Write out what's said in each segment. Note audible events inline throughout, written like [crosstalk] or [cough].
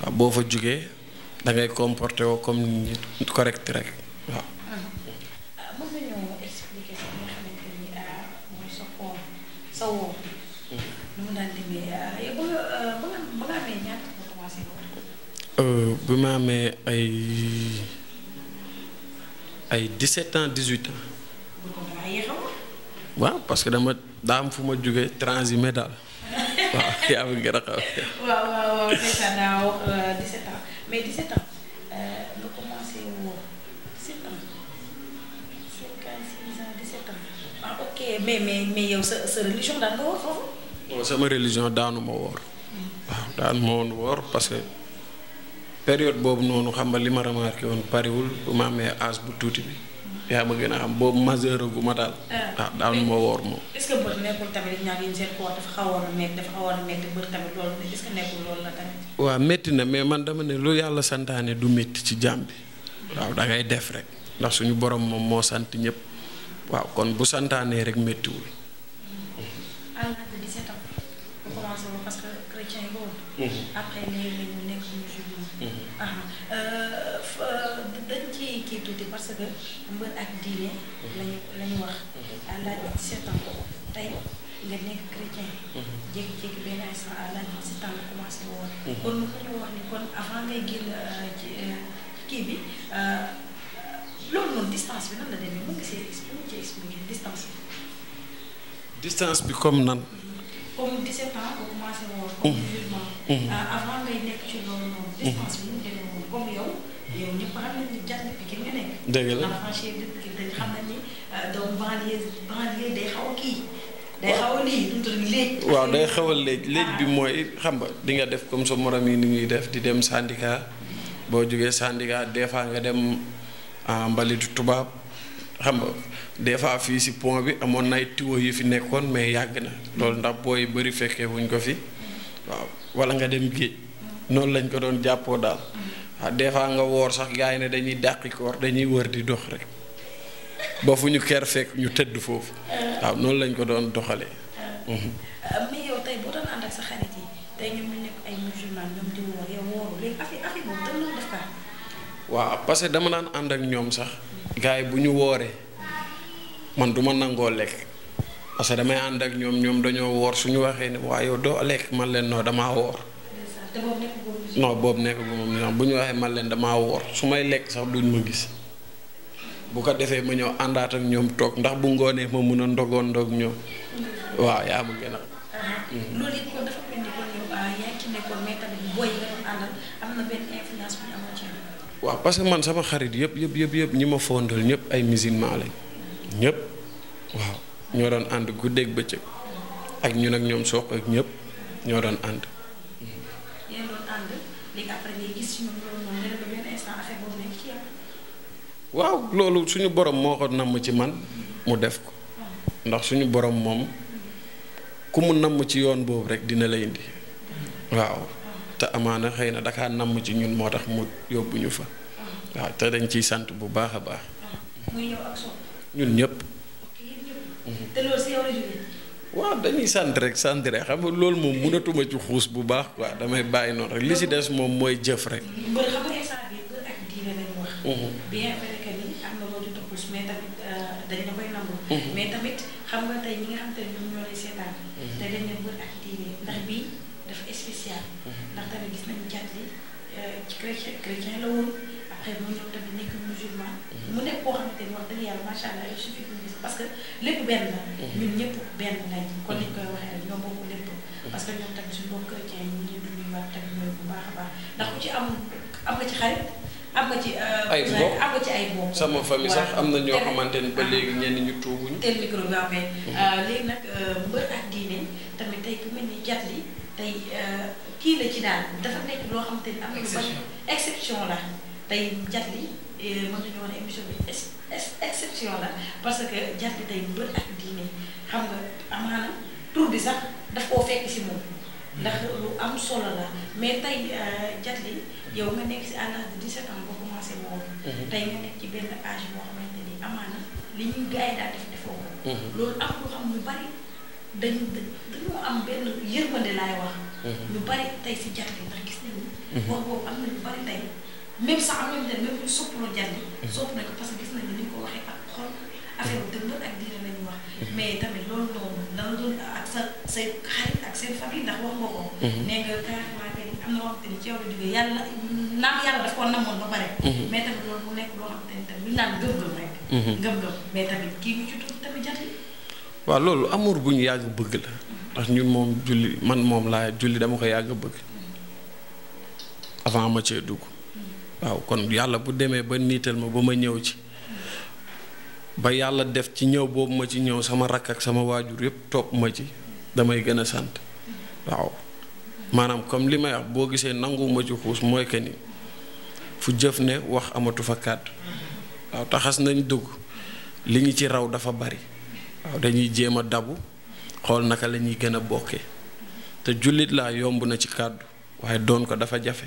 waaw boo fa jugee da ngay comporté woo comme nit correct rek waaw. Euh, sa koor sa woor. Euh, euh, bi ma amee ay ay 17 ans 18 ans. waaw parce que dama daa am fu ma jugee transhumé daal. waaw yaa ngi gën a waaw waaw waaw ndeysaan daa wax 17 ans mais 17 ans euh, nga commencé woon 17 ans 56 ans 17 ah, mais mais sa religion daan nga woor foofu. bon sama religion daanu ma woor. waaw daanu ma woon woor parce que période boobu noonu xam nga li ma remarqué woon pariwul bu ma amee âge bu tuuti bi. yaa ma gën a xam boobu majeur gu ma daal. waaw ah, ah, daal ma woor moom. waaw métti na mais man dama ne lu yàlla santaane du métti ci jàmm bi waaw da def rek ndax suñu borom moom moo sant ñëpp waaw kon bu santaanee rek méttiwul. Ah, tuuti parce que mbër ak diine lañu la wax à l'âge de 17 nga nekk chrétien jékki-jékki benn instant à l'âge de 17 ans woon kon lu ko ñu wax ni kon avant ngay génn euh, euh, ci kii bi euh, loolu noonu distance bi nan la demee mën nga see expliquer distance bi distance bi comme nan comme 17 ans nga commencé mm. comme musulman. Mm. Euh, comme yow. yow ñëpp xam nañu ne jàpp bi nga nekk. dëgg la dañ xaw kii. day xaw a lii waaw day xaw a léegi léegi bi mooy xam nga di nga def comme sa morom yi ni ñuy def di dem syndicat boo jógee syndicat des fois nga dem ah, mbalitu tubaab xam nga. des fois fii si pont bi amoon na ay yu fi nekkoon mais yàgg na loolu ndax booy bari fekkee wuñ ko fi waaw walla nga dem géej noonu lañ ko doon jàppoo daal waaw ah, des fois nga woor sax gars ne dañuy dàqi dañuy wër di dox rek ba ker ñu tëdd foofu noonu lañ ko doon doxalee. Mhm. Euh, waaw parce que dama daan ànd ak ñoom sax. gars bu ñu wooree. man du ma nangoo lekk parce que damay ànd ak ñoom ñoom dañoo woor suñu waxee ne waa yow doo lekk man leen non damaa woor. non boobu nekk bu moom bu ñu waxee man leen damaa woor su may lekk sax duñ ma gis bu ko defee ma ñëw àndaat ak ñoom toog ndax bu ngoonee ma mun a ndogoon ndog ñoom waaw yaa ma gën uh-huh. uh, a. waaw parce que man sama xarit yëpp yëpp yëpp yëpp ñi ma fondal ñëpp ay musulman lañ. ñëpp waaw ñoo doon ànd guddeeg bëccëg ak ñun ak ñoom sox ak ñépp ñoo doon ànd. waaw loolu suñu boroom moo ko namm ci man mu def ko ndax suñu boroom moom ku mu namm ci yoon boobu rek dina la indi waaw te amaana xëy na dakaa namm ci ñun moo tax mu yóbbu ñu fa waaw te dañ ciy sant bu baax a baax. ñun ñëpp. te si yow la jógee. waaw dañuy sant rek sant xam nga loolu moom mënatuma ci xuus bu baax quoi damay bàyyi noonu rek li si des moom mooy jëf rek. mbër xam nga instant bii mbër ak diine lañ wax. Mhm. bien vrai euh, mhm. nga xam ne ñoom ñoo lay seetaan. te mhm. dañ ne ak diine ndax bii dafa spécial. ndax tamit gis nañu jàtt li euh, ci chrétien la woon. après moo ñëw tamit nekk musulman. mu nekk koo xamante ni wax dëgg yàlla macha allah il suffit que gis parce que lépp benn la. Mm-hmm. ñun mm-hmm. parce que ñoom tamit suñu tamit loolu bu baax a baax ndax ku ci am am nga ci xarit. am nga ci euh, ay mbokk am ci ay mbokk sama famille sax am na ñoo xamante ni ba ah. léegi ñenn ñu tuubuñu. teel micro bi amee. Mm-hmm. Euh, léegi nag euh, mbër ak tamit tey ku mel ni jat li tey kii la ci daal dafa nekk loo xamante ni am na. exception la. tey jat bi eh, mën nañu woon émission bi exception la parce que jat bi tey mbër ak diine xam nga amaana tur bi sax daf koo fekk si moom ndax lu am solo la mais tey euh, jat li yow nga nekk si à l'âge de 17 ans nga commencé woon mhm. tey nga nekk ci benn âge boo ni amaana li ñuy gars yi daal def defoo mhm. loolu am lu xam ñu bari dañu dañu am benn yërmande laay wax mhm. ñu bari tey si jat bi ndax gis nañu wax boobu am na ñu bari tey même sax am na ñu même ñu soppaloo jànni sopp na ko parce que gis nañu ni ko waxee ak xol affaire bu dëgër ak diir lañu wax mhm. mais tamit loolu noonu dana doon ak mhm. la jógee yàlla naam yàlla daf mhm. mu nekk loo xamante ni tamit lu naan gëm-gëm mais tamit kii ñu ci tudd tamit jànni waaw loolu amour bu ñu yàgg bëgg la ndax ñun moom julli man moom laa julli dama ko yàgg bëgg avant ma cee dugg waaw kon yàlla bu demee ba niital ma ba ma ñëw ci ba yàlla def ci ñëw boobu ma ci ñëw sama rakk ak sama waajur yëpp topp ma ci damay gën a sant waaw maanaam comme li may wax boo gisee nanguwuma ci xuus mooy que ni fu jëf ne wax amatu fa kàddu waaw taxas nañ dugg li ñu ci raw dafa bari waaw dañuy jéem a dabu xool naka lañuy ñuy gën a bokkee te jullit laa yomb na ci kàddu waaye doon ko dafa jafe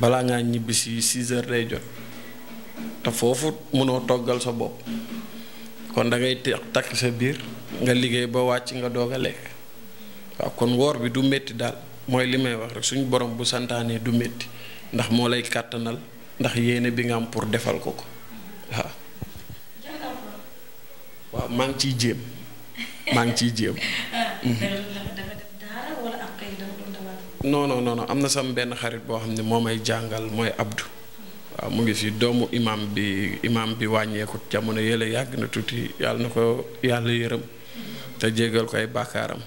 balaa ngaa ñibbi si six heures day jot te foofu mënoo toggal sa bopp kon da ngay takk sa biir nga liggéey ba wàcc nga doog waaw kon woor bi du metti daal mooy li may wax rek suñu borom bu santaanee du metti ndax moo lay kàttanal ndax yéene bi nga am pour defal ko ko waaw. waaw ngi ciy jéem maa ngi ciy jéem. [laughs] Ah, non noonu am na sama benn xarit boo xam ne moo may jàngal mooy Abdou. waaw mu ngi fi doomu imam bi imam bi wàññeeku jamono yële yàgg na tuuti yàlla na ko yàlla yërëm te jégal ko ay bàkkaaram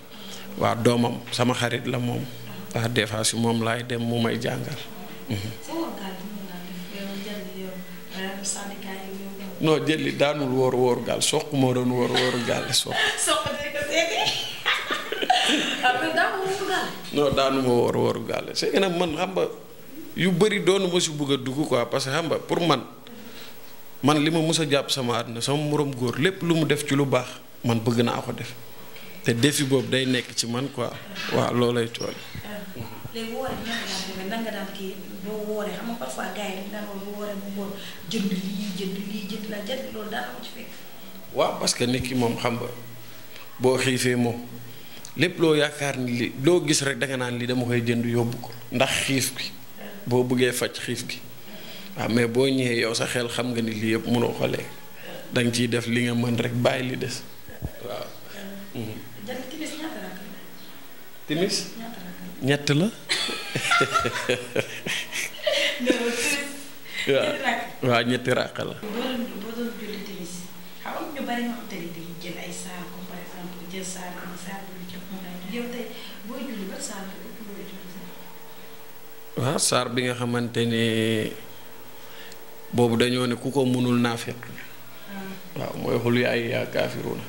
waa doomam sama xarit la moom ndax des si moom laay dem mu may jàngal. Mhm. non jëli daanul wóor wóoru gaal soq moo doon wóor wóoru gaal soq. [laughs] non daanu ma woor wooru gaale c'est que nag man xam yu bari doonu ma si bëgg a dugg quoi parce que xam pour man man li ma mës a jàpp sama àdduna sama moroom góor lépp lu mu def ci lu baax man bëgg naa ko def te défi boobu day nekk ci man quoi waaw loolay tool. Euh, léegi parce que nit ki moom xam nga boo xiifee moom. lépp loo yaakaar ni loo gis rek danga naan li dama koy jënd yóbbu ko ndax xiif gi boo bëggee faj xiif gi waaw mais boo ñëwee yow sa xel xam nga ni lii yëpp mënoo ko danga ciy def li nga mën rek bàyyi li des waaw. ñett la. [laughs] [laughs] waaw ñetti ràq la. waaw saar bi nga xamante ne boobu dañoo ne ku ko mënul naafeq hmm. waaw mooy xul yaay yaa kaafiruna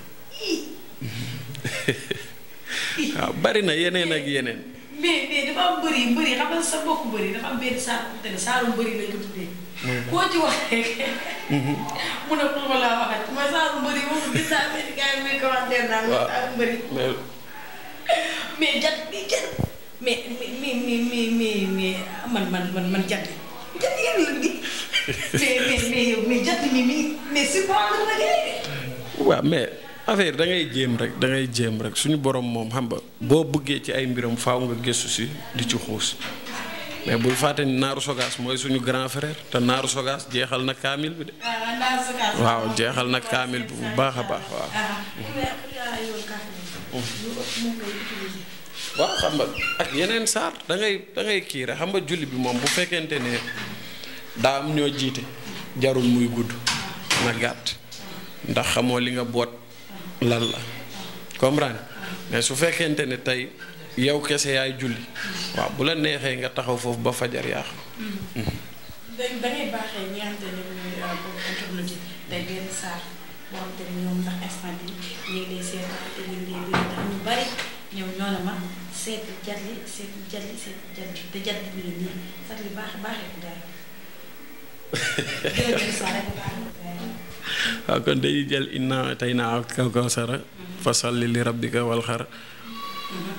[laughs] waaw na yeneen ak yeneen. mais mais dafa am bëri bëri xam nga sa mhm. [laughs] ne saarum bëri yi muy commentaire naan saarum [laughs] mais jat bi jat. mais mais mais mais mais man man man man jàdd jàdd yàlla bi mais mais mais yow mais jàdd mi mi mais supporter na de. waaw mais affaire da ngay jéem rek da ngay jéem rek suñu borom moom xam nga boo bëggee ci ay mbiram faaw nga gëstu si di ci xuus mais bul fàtte ni Naaru Sogaas mooy suñu grand frère te Naaru Sogaas jeexal na kaamil bi de. Ah, waaw jeexal na kaamil bi bu baax a baax waaw. Ah, ah. waaw xam nga ak yeneen saar da ngay da ngay kii xam nga julli bi moom bu fekkente ne daa am ñoo jiite jarul muy gudd na gàtt ndax xamoo li nga boot lan la comprendre mais su fekkente ne tey yow kese yaay julli waaw bu la neexee nga taxaw foofu ba fajar yaa ñëw ñoo ne ma seetu jatli seetu jatli seetu jatli te jat baax baaxee ko gaay waaw kon dañuy jël inna tey naa kaw kaw sara mhm. fasalli li rabbika wal xar mhm.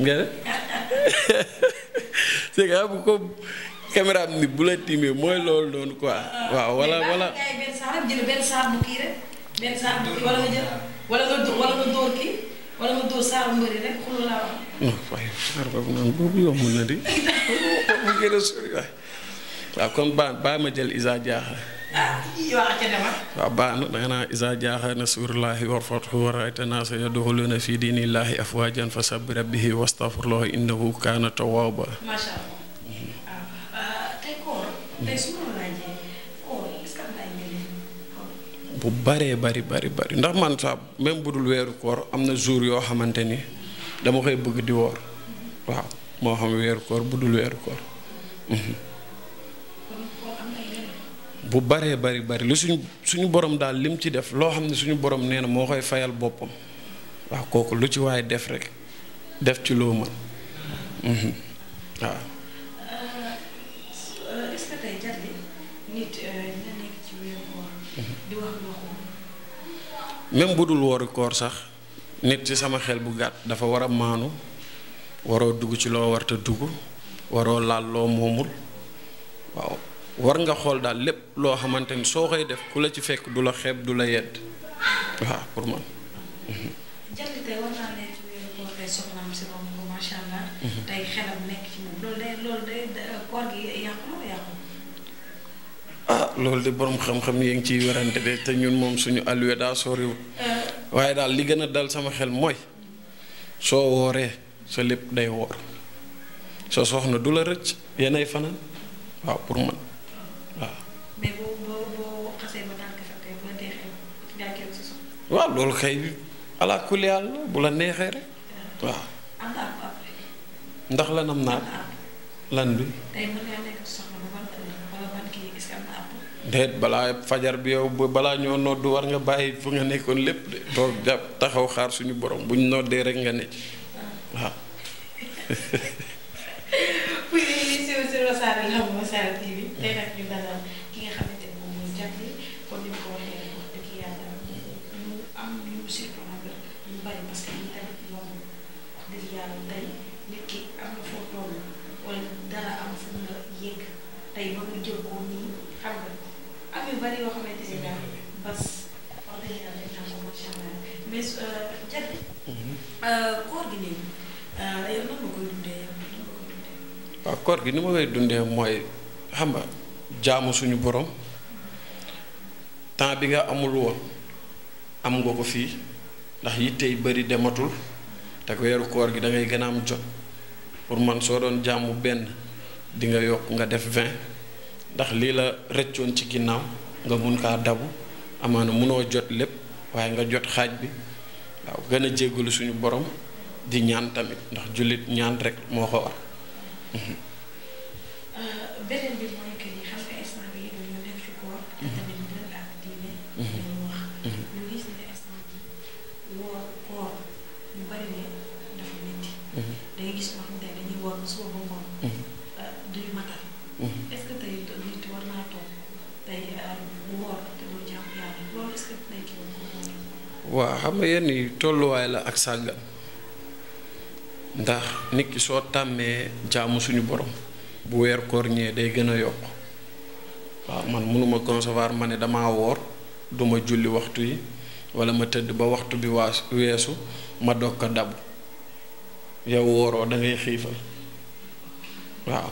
nga ne [laughs] c'est que bu ko caméra ni bu la tiimee mooy loolu noonu quoi ah, waaw wala wala wala nga dóor wala nga dóor kii wala nga mbëri rek xulul laa wax. non boobu noonu boobu yomb na di mu gën a sori waay kon baa baa ma jël Isa jaaxa. Ah, ah. na danga naa Isa jaaxa nasrullaahi wal fathu wa ra'ayta naasa yadxuluuna fii diinillaahi afwaajan fasabbih rabbihi wastaghfirhu innahu kaana allah. Ah, tey koor tey bu bëree bari bari bari ndax man sax même bu dul weeru koor am na jour yoo xamante ni dama koy bëgg di woor waaw moo xam weeru koor bu dul weeru koor mhm. bu baree bari bari lu suñu suñu borom daal lim ci def loo xam ne suñu borom nee na moo koy fayal boppam waaw kooku lu ci waaye def rek def ci loo mën mhm. waaw même bu dul wooru koor sax nit ci sama xel bu gàtt dafa war a maanu waroo dugg ci loo warta dugg waroo laal loo moomul waaw war nga xool daal lépp loo xamante ni soo koy def ku la ci fekk du la xeeb du la yedd waaw pour ah loolu de borom xam-xam yi ngi ciy wérante de te ñun moom suñu alluwa daal soriwul eh. waaye daal li gën a dal sama xel mooy soo wooree sa lépp day woor sa soxna du la rëcc yenay fanaan waaw pour man waaw. mais boo bu la neexee daa loolu kay ala kulli bu la neexee rek eh. waaw. na am ndax lan am naa lan bi. déet balaa fajar bi yow balaa ñoo nodd war nga bàyyi fu nga nekkoon lépp de toog jàpp taxaw xaar suñu borom buñ noddee rek nga ne waaw. bu dee si nag ñu dalal ki nga ne bari parce nit ki am na foo toll wala dara am fu mu yëg tey ba jël ko nii xam nga. am gi ni ma koy dundee mooy xam nga jaamu suñu boroom temps bi nga amul woon am nga ko fii ndax yitte yu bari dematul te weeru koor gi da ngay gën a am jot pour man soo doon jàmm benn di nga yokk nga def vingt. ndax lii la rëccoon ci ginnaaw nga mun kaa dabu amaana munoo jot lépp waaye nga jot xaaj bi waaw gën a jéggalu suñu borom di ñaan tamit ndax jullit ñaan rek moo ko war. Euh, waaw xam nga yenn yi tolluwaay la ak sàggan ndax nit ki soo tàmmee jaamu suñu borom bu weer koor day gën a yokk waaw man mënuma consevoir ma ne dama woor duma julli waxtu yi wala ma tëdd ba waxtu bi waas weesu ma dog ko dabu yow wooroo da ngay xiifal waaw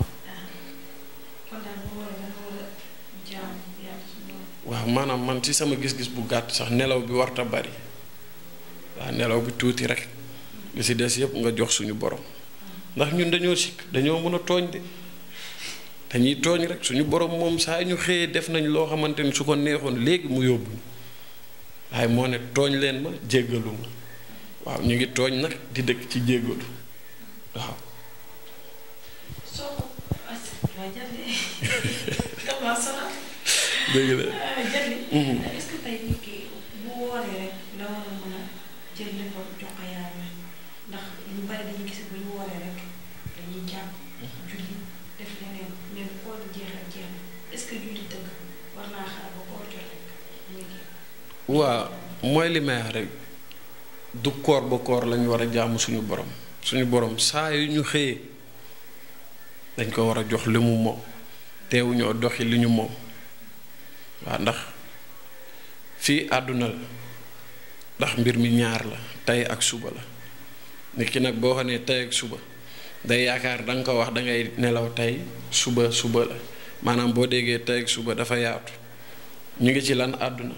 waaw maanaam man ci sama gis-gis bu gàtt sax nelaw bi warta bari waa nelaw bi tuuti rekk li si des yëpp nga jox suñu borom ndax ñun dañoo sikk dañoo mën a tooñ de dañuy tooñ rek suñu borom moom saa ñu xëyee def nañ loo xamante ni su ko neexoon léegi mu yóbbu ñu waaye moo ne tooñ leen ma jéggalu ma waaw ñu ngi tooñ nag di dëkk ci jéggalu waaw. [laughs] bu ñu mhm. waaw mooy li rek du koor ba koor lañ war a jàmm suñu borom suñu boroom saa yu ñu xëyee dañ ko war a jox li mu moom teewuñoo doxi li ñu moom waa ndax fii àdduna la ndax mbir mi ñaar la tey ak suba la nit ki nag boo xam ne tey ak suba day yaakaar danga ko wax dangay nelaw tey suba suba la maanaam boo déggee tey ak suba dafa yaatu ñu ngi ci lan àdduna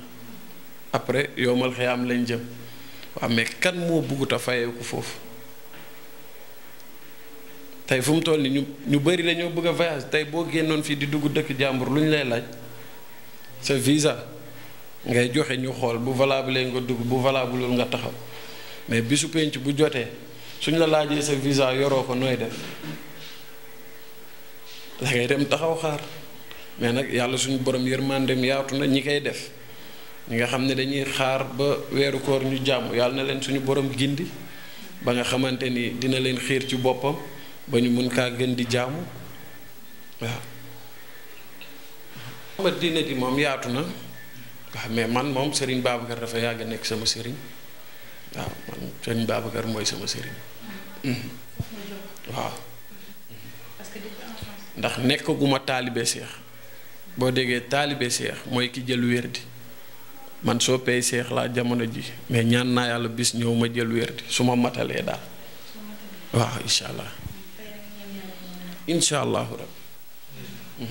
après yowmal xiyaam lañ jëm waaw mais kan moo buggut a fayeeku foofu tey fu mu toll ni ñu ñu bari dañoo bëgg a voyage tey boo génnoon fii di dugg dëkk jàmbur lu ñu lay laaj sa visa ngay joxe ñu xool bu valable nga dugg bu valabu valableul nga taxaw mais bisu penc bu jotee. suñ la laajee sa visa yoroo ko nooy def dangay dem taxaw xaar mais nag yàlla suñu borom yërmandeem yaatu na ñi koy def ñi nga xam ne dañuy xaar ba weeru koor ñu jàmm yàlla na leen suñu boroom gindi ba nga xamante ni dina leen xiir ci boppam ba ñu mun kaa gën di jaamu waaw. xam diine ji moom yaatu na waaw mais man moom Serigne Babacar dafa yàgg nekk sama sëriñ waaw man sëñ Babacar mooy sama sëriñ mhm. waaw ndax nekk gu ma taalibe seex boo déggee taalibe seex mooy ki jël wérdi man soo pay seex laa jamono ji mais ñaan naa yàlla bis ñëw ma jël wérdi su ma matalee daal waaw incha allah euh,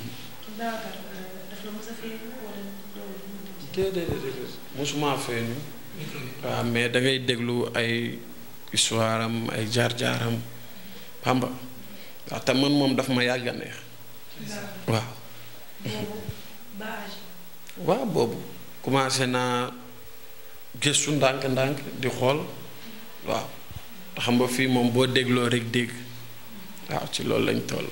mosuma feeñu waaw mais da déglu ay histoire am ay jaar-jaaram xam nga waaw man moom dafa ma yàgg a neex waaw. waaw boobu commencé naa gëstu ndànk-ndànk di xool waaw xam nga fii moom boo dégloo rek dégg waaw ci loolu lañ toll.